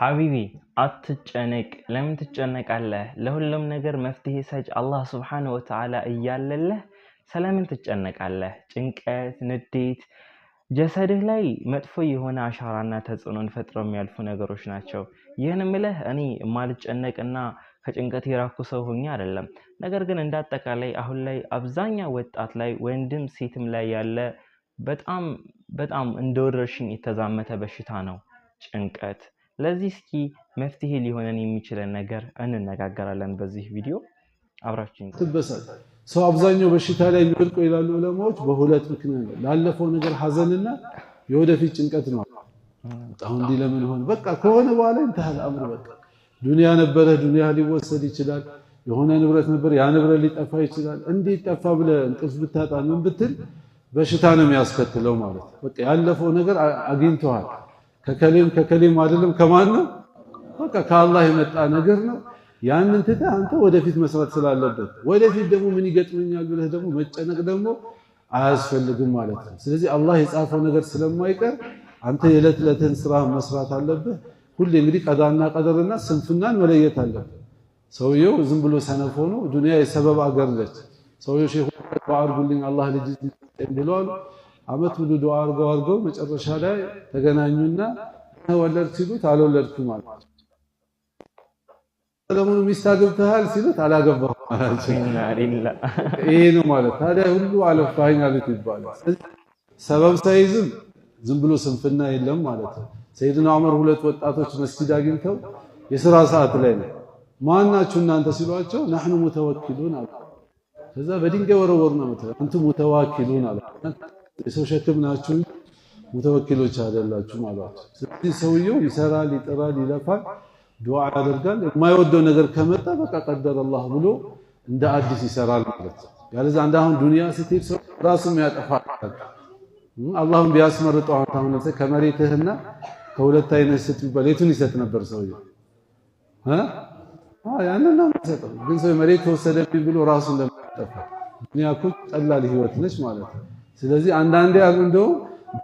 ሐቢቢ አትጨነቅ። ለምን ትጨነቃለህ? ለሁሉም ነገር መፍትሄ ሰጭ አላህ ስብሓነ ወተዓላ እያለለህ ስለምን ትጨነቃለህ? ጭንቀት፣ ንዴት ጀሰድህ ላይ መጥፎ የሆነ አሻራና ተጽዕኖን ፈጥረው የሚያልፉ ነገሮች ናቸው። ይህን ምልህ እኔ ማልጨነቅና ከጭንቀት የራኩ ሰው ሆኜ አይደለም። ነገር ግን እንዳጠቃላይ አሁን ላይ አብዛኛው ወጣት ላይ ወንድም ሴትም ላይ ያለ በጣም በጣም እንደ ወረርሽኝ የተዛመተ በሽታ ነው ጭንቀት ለዚህ እስኪ መፍትሄ ሊሆነን የሚችለን ነገር እንነጋገራለን። በዚህ ቪዲዮ አብራችን ትበሳል። ሰው አብዛኛው በሽታ ላይ የሚወድቀው ይላሉ ዑለማዎች በሁለት ምክንያት ነው። ላለፈው ነገር ሀዘንና የወደፊት ጭንቀት ነው። አሁን እንዲህ ለምን ሆነ? በቃ ከሆነ በኋላ እንተሃል አምር በቃ ዱንያ ነበረ፣ ዱንያ ሊወሰድ ይችላል። የሆነ ንብረት ነበር፣ ያ ንብረት ሊጠፋ ይችላል። እንዴት ጠፋ ብለ እንቅልፍ ብታጣ ምን ብትል በሽታ ነው የሚያስከትለው ማለት ነው። በቃ ያለፈው ነገር አግኝተዋል። ከከሌም ከከሌም አይደለም ከማን ነው? በቃ ከአላህ የመጣ ነገር ነው። ያንን ትተህ አንተ ወደፊት መስራት ስላለበት ወደፊት ደግሞ ምን ይገጥመኛል ብለህ ደግሞ መጨነቅ ደግሞ አያስፈልግም ማለት ነው። ስለዚህ አላህ የጻፈው ነገር ስለማይቀር አንተ የዕለት ዕለትን ስራ መስራት አለብህ። ሁሌ እንግዲህ ቀዳና ቀደርና ስንፍናን መለየት አለብህ። ሰውየው ዝም ብሎ ሰነፍ ሆኖ ዱንያ የሰበብ አገር ነች። ሰውየው ሼህ አድርጉልኝ አላህ ልጅ ብለዋል አመት ሙሉ ዱዓ አድርገው አድርገው መጨረሻ ላይ ተገናኙና ወለድ ሲሉት አልወለድኩም ማለት ሰለሞን ሚስት አግብተሃል ሲሉት አላገባሁም ማለት ይሄ ነው ማለት ታዲያ ሁሉ አለፋኝ አሉት ይባላል። ሰበብ ሳይዝም ዝም ብሎ ስንፍና የለም ማለት ነው። ሰይድና ዑመር ሁለት ወጣቶች መስጊድ አግኝተው የሥራ ሰዓት ላይ ነው። ማናችሁ እናንተ ሲሏቸው ናህኑ ሙተወኪሉን አሉ። ከዛ በድንጋይ ወረወሩና አንቱ ሙተዋኪሉን አሉ የሰው ሸክም ናችሁ፣ ሙተወኪሎች አይደላችሁም አሏት። ስለዚህ ሰውየው ይሰራል፣ ይጥራል፣ ይለፋል፣ ዱዓ ያደርጋል። የማይወደው ነገር ከመጣ በቃ ቀደር አላህ ብሎ እንደ አዲስ ይሰራል ማለት ያለዚ አንድ አሁን ዱንያ ስትሄድ ሰው ራሱም ያጠፋል። አላህም ቢያስመርጠው አሁን ከመሬትህና ከሁለት አይነት ስጥ ቢባል የቱን ይሰጥ ነበር ሰውየው? ያንን ነው የሚሰጠው። ግን ሰው መሬት ተወሰደብኝ ብሎ ራሱን ለማጠፋ ዱንያ እኮ ቀላል ህይወት ነች ማለት ነው። ስለዚህ አንዳንዴ እንደው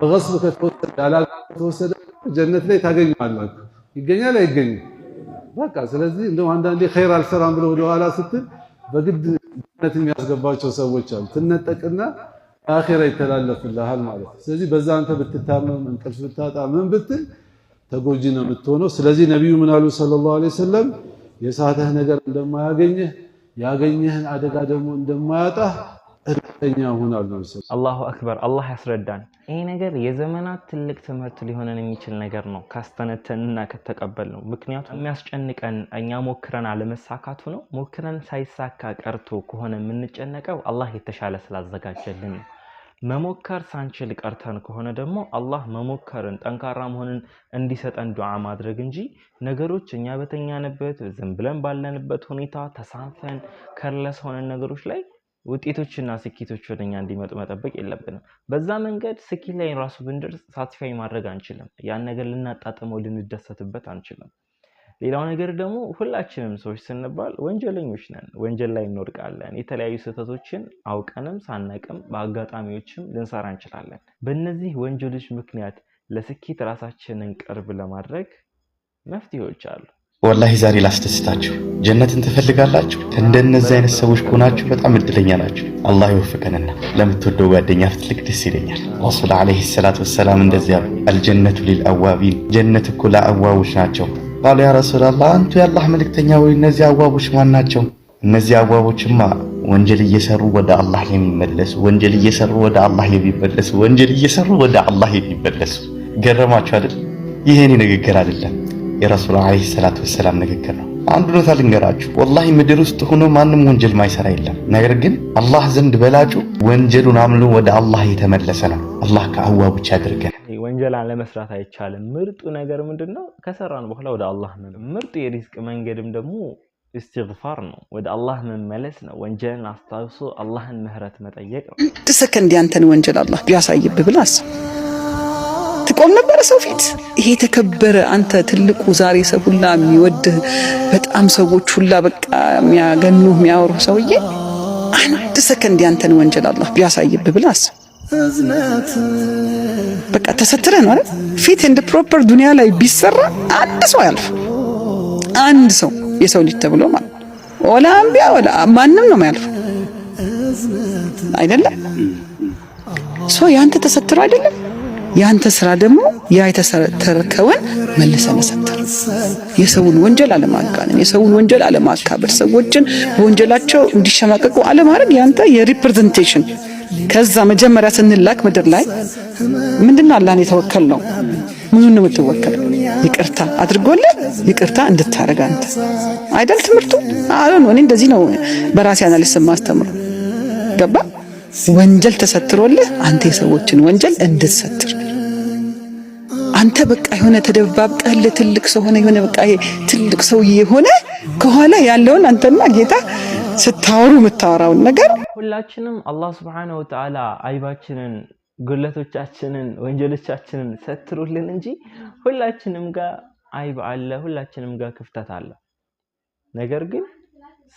በገስብ ከተወሰደ ከተወሰደ ጀነት ላይ ታገኘዋላችሁ። ይገኛል አይገኝም? በቃ ስለዚህ እንደው አንዳንዴ ኸይር አልሰራም ብሎ ወደኋላ ስትል በግድ ጀነት የሚያስገባቸው ሰዎች አሉ። ትነጠቅና አኺራ ይተላለፍልሃል ማለት ነው። ስለዚህ በዛ አንተ ብትታመም እንቅልፍ ብታጣ ምን ብትል ተጎጂ ነው የምትሆነው። ስለዚህ ነቢዩ ምን አሉ ሰለላሁ ዐለይሂ ወሰለም የሳተህ ነገር እንደማያገኝህ ያገኘህን አደጋ ደግሞ እንደማያጣህ እርግጠኛ ሆናለሁ። አላሁ አክበር። አላህ ያስረዳን። ይሄ ነገር የዘመናት ትልቅ ትምህርት ሊሆነን የሚችል ነገር ነው ካስተነተንና ከተቀበል ነው። ምክንያቱም የሚያስጨንቀን እኛ ሞክረን አለመሳካቱ ነው። ሞክረን ሳይሳካ ቀርቶ ከሆነ የምንጨነቀው አላህ የተሻለ ስላዘጋጀልን ነው። መሞከር ሳንችል ቀርተን ከሆነ ደግሞ አላህ መሞከርን ጠንካራ መሆንን እንዲሰጠን ዱዓ ማድረግ እንጂ ነገሮች እኛ በተኛንበት ዝም ብለን ባለንበት ሁኔታ ተሳንፈን ከለስ ሆነን ነገሮች ላይ ውጤቶችና ስኬቶች ወደ እኛ እንዲመጡ መጠበቅ የለብንም። በዛ መንገድ ስኬት ላይ ራሱ ብንደርስ ሳትስፋይ ማድረግ አንችልም። ያን ነገር ልናጣጥመው፣ ልንደሰትበት አንችልም። ሌላው ነገር ደግሞ ሁላችንም ሰዎች ስንባል ወንጀለኞች ነን። ወንጀል ላይ እንወድቃለን። የተለያዩ ስህተቶችን አውቀንም ሳናቅም በአጋጣሚዎችም ልንሰራ እንችላለን። በእነዚህ ወንጀሎች ምክንያት ለስኬት ራሳችንን ቅርብ ለማድረግ መፍትሄዎች አሉ። ወላሂ ዛሬ ላስደስታችሁ። ጀነትን ትፈልጋላችሁ? እነዚህ አይነት ሰዎች ከሆናችሁ በጣም እድለኛ ናችሁ። አላህ ይወፍቀንና ለምትወደው ጓደኛ ፍትልክ ደስ ይለኛል። ረሱል ዓለይሂ ሰላት ወሰላም እንደዚያ አልጀነቱ ሊልአዋቢን፣ ጀነት እኮ ለአዋቦች ናቸው። ቃሉ ያ ረሱላላህ፣ አንቱ የአላህ መልእክተኛ ወይ እነዚህ አዋቦች ማን ናቸው? እነዚህ አዋቦችማ ወንጀል እየሰሩ ወደ አላህ የሚመለሱ ወንጀል እየሰሩ ወደ አላህ የሚመለሱ ወንጀል እየሰሩ ወደ አላህ የሚመለሱ ገረማችሁ አይደል? ይሄ ንግግር አይደለም። የረሱል ዓለይሂ ሰላቱ ወሰላም ንግግር ነው። አንዱ ነታ ልንገራችሁ። ወላሂ ምድር ውስጥ ሆኖ ማንም ወንጀል ማይሰራ የለም። ነገር ግን አላህ ዘንድ በላጩ ወንጀሉን አምሎ ወደ አላህ የተመለሰ ነው። አላህ ከአዋቦች ያድርገን። ወንጀል አለመስራት አይቻልም። ምርጡ ነገር ምንድን ነው? ከሰራን በኋላ ወደ አላህ ምርጡ የሪዝቅ መንገድም ደግሞ ኢስቲግፋር ነው። ወደ አላህ መመለስ ነው። ወንጀልን አስታውሶ አላህን ምህረት መጠየቅ ነው። አንድ ሰከንድ ያንተን ወንጀል አላህ ቢያሳይብህ ብላስ ቆም ነበረ ሰው ፊት። ይሄ የተከበረ አንተ ትልቁ ዛሬ ሰው ሁላ የሚወድህ በጣም ሰዎች ሁላ በቃ የሚያገኑ የሚያወሩ ሰውዬ አንድ ሰከንድ ያንተን ወንጀል አላህ ቢያሳይብህ ብለህ አስብ። በቃ ተሰትረህ ነው አይደል? ፊት እንደ ፕሮፐር ዱንያ ላይ ቢሰራ አንድ ሰው አያልፍ አንድ ሰው የሰው ልጅ ተብሎ ማለት ወላ አንቢያ ወላ ማንም ነው የማያልፍ አይደለም። ሶ ያንተ ተሰትሮ አይደለም ያንተ ስራ ደግሞ ያ የተተረከውን መልሰ መሰተር፣ የሰውን ወንጀል አለማጋነን፣ የሰውን ወንጀል አለማካበር፣ ሰዎችን በወንጀላቸው እንዲሸማቀቁ አለማድረግ ያንተ የሪፕሬዘንቴሽን ከዛ መጀመሪያ ስንላክ ምድር ላይ ምንድነው አላህን የተወከል ነው። ምኑን ነው የምትወከል? ይቅርታ አድርጎልህ ይቅርታ እንድታረግ አንተ አይደል ትምህርቱ አለ ነው። እኔ እንደዚህ ነው በራሴ አናሊስ ማስተምረው ገባ ወንጀል ተሰትሮልህ አንተ የሰዎችን ወንጀል እንድትሰትር አንተ በቃ የሆነ ተደባብጠህል ትልቅ ሰው ሆነ የሆነ በቃ ትልቅ ሰው ሆነ ከኋላ ያለውን አንተና ጌታ ስታወሩ የምታወራውን ነገር ሁላችንም አላህ ስብሐነሁ ወተዓላ አይባችንን፣ ጉድለቶቻችንን፣ ወንጀሎቻችንን ሰትሩልን እንጂ ሁላችንም ጋር አይብ አለ፣ ሁላችንም ጋር ክፍተት አለ። ነገር ግን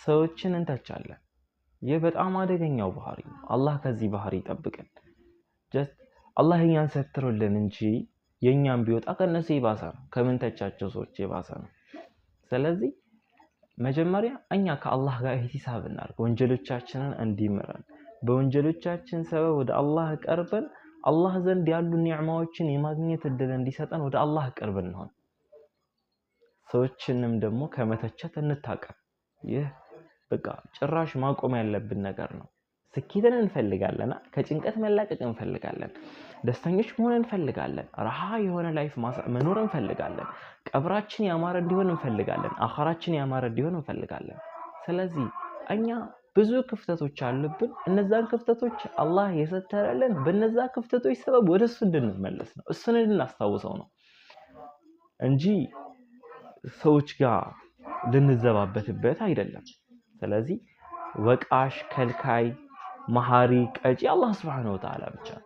ሰዎችን እንተቻለን። ይህ በጣም አደገኛው ባህሪ ነው። አላህ ከዚህ ባህሪ ይጠብቅን። ጀስት አላህ እኛን ሰትሩልን እንጂ የእኛም ቢወጣ ከነሱ የባሰ ነው። ከምንተቻቸው ሰዎች የባሰ ነው። ስለዚህ መጀመሪያ እኛ ከአላህ ጋር ሂሳብ እናድርግ፣ ወንጀሎቻችንን እንዲምረን። በወንጀሎቻችን ሰበብ ወደ አላህ ቀርበን አላህ ዘንድ ያሉ ኒዕማዎችን የማግኘት እድል እንዲሰጠን ወደ አላህ ቅርብ እንሆን። ሰዎችንም ደግሞ ከመተቸት እንታቀም። ይህ በቃ ጭራሽ ማቆም ያለብን ነገር ነው። ስኬትን እንፈልጋለን። ከጭንቀት መላቀቅ እንፈልጋለን። ደስተኞች መሆን እንፈልጋለን። ረሃ የሆነ ላይፍ መኖር እንፈልጋለን። ቀብራችን ያማረ እንዲሆን እንፈልጋለን። አኻራችን ያማረ እንዲሆን እንፈልጋለን። ስለዚህ እኛ ብዙ ክፍተቶች አሉብን። እነዛን ክፍተቶች አላህ የሰተረልን በነዛ ክፍተቶች ሰበብ ወደ እሱ እንድንመለስ ነው፣ እሱን እንድናስታውሰው ነው እንጂ ሰዎች ጋር ልንዘባበትበት አይደለም። ስለዚህ ወቃሽ ከልካይ መሐሪ ቀጪ አላህ ስብሓን ወተዓላ ብቻ ነው።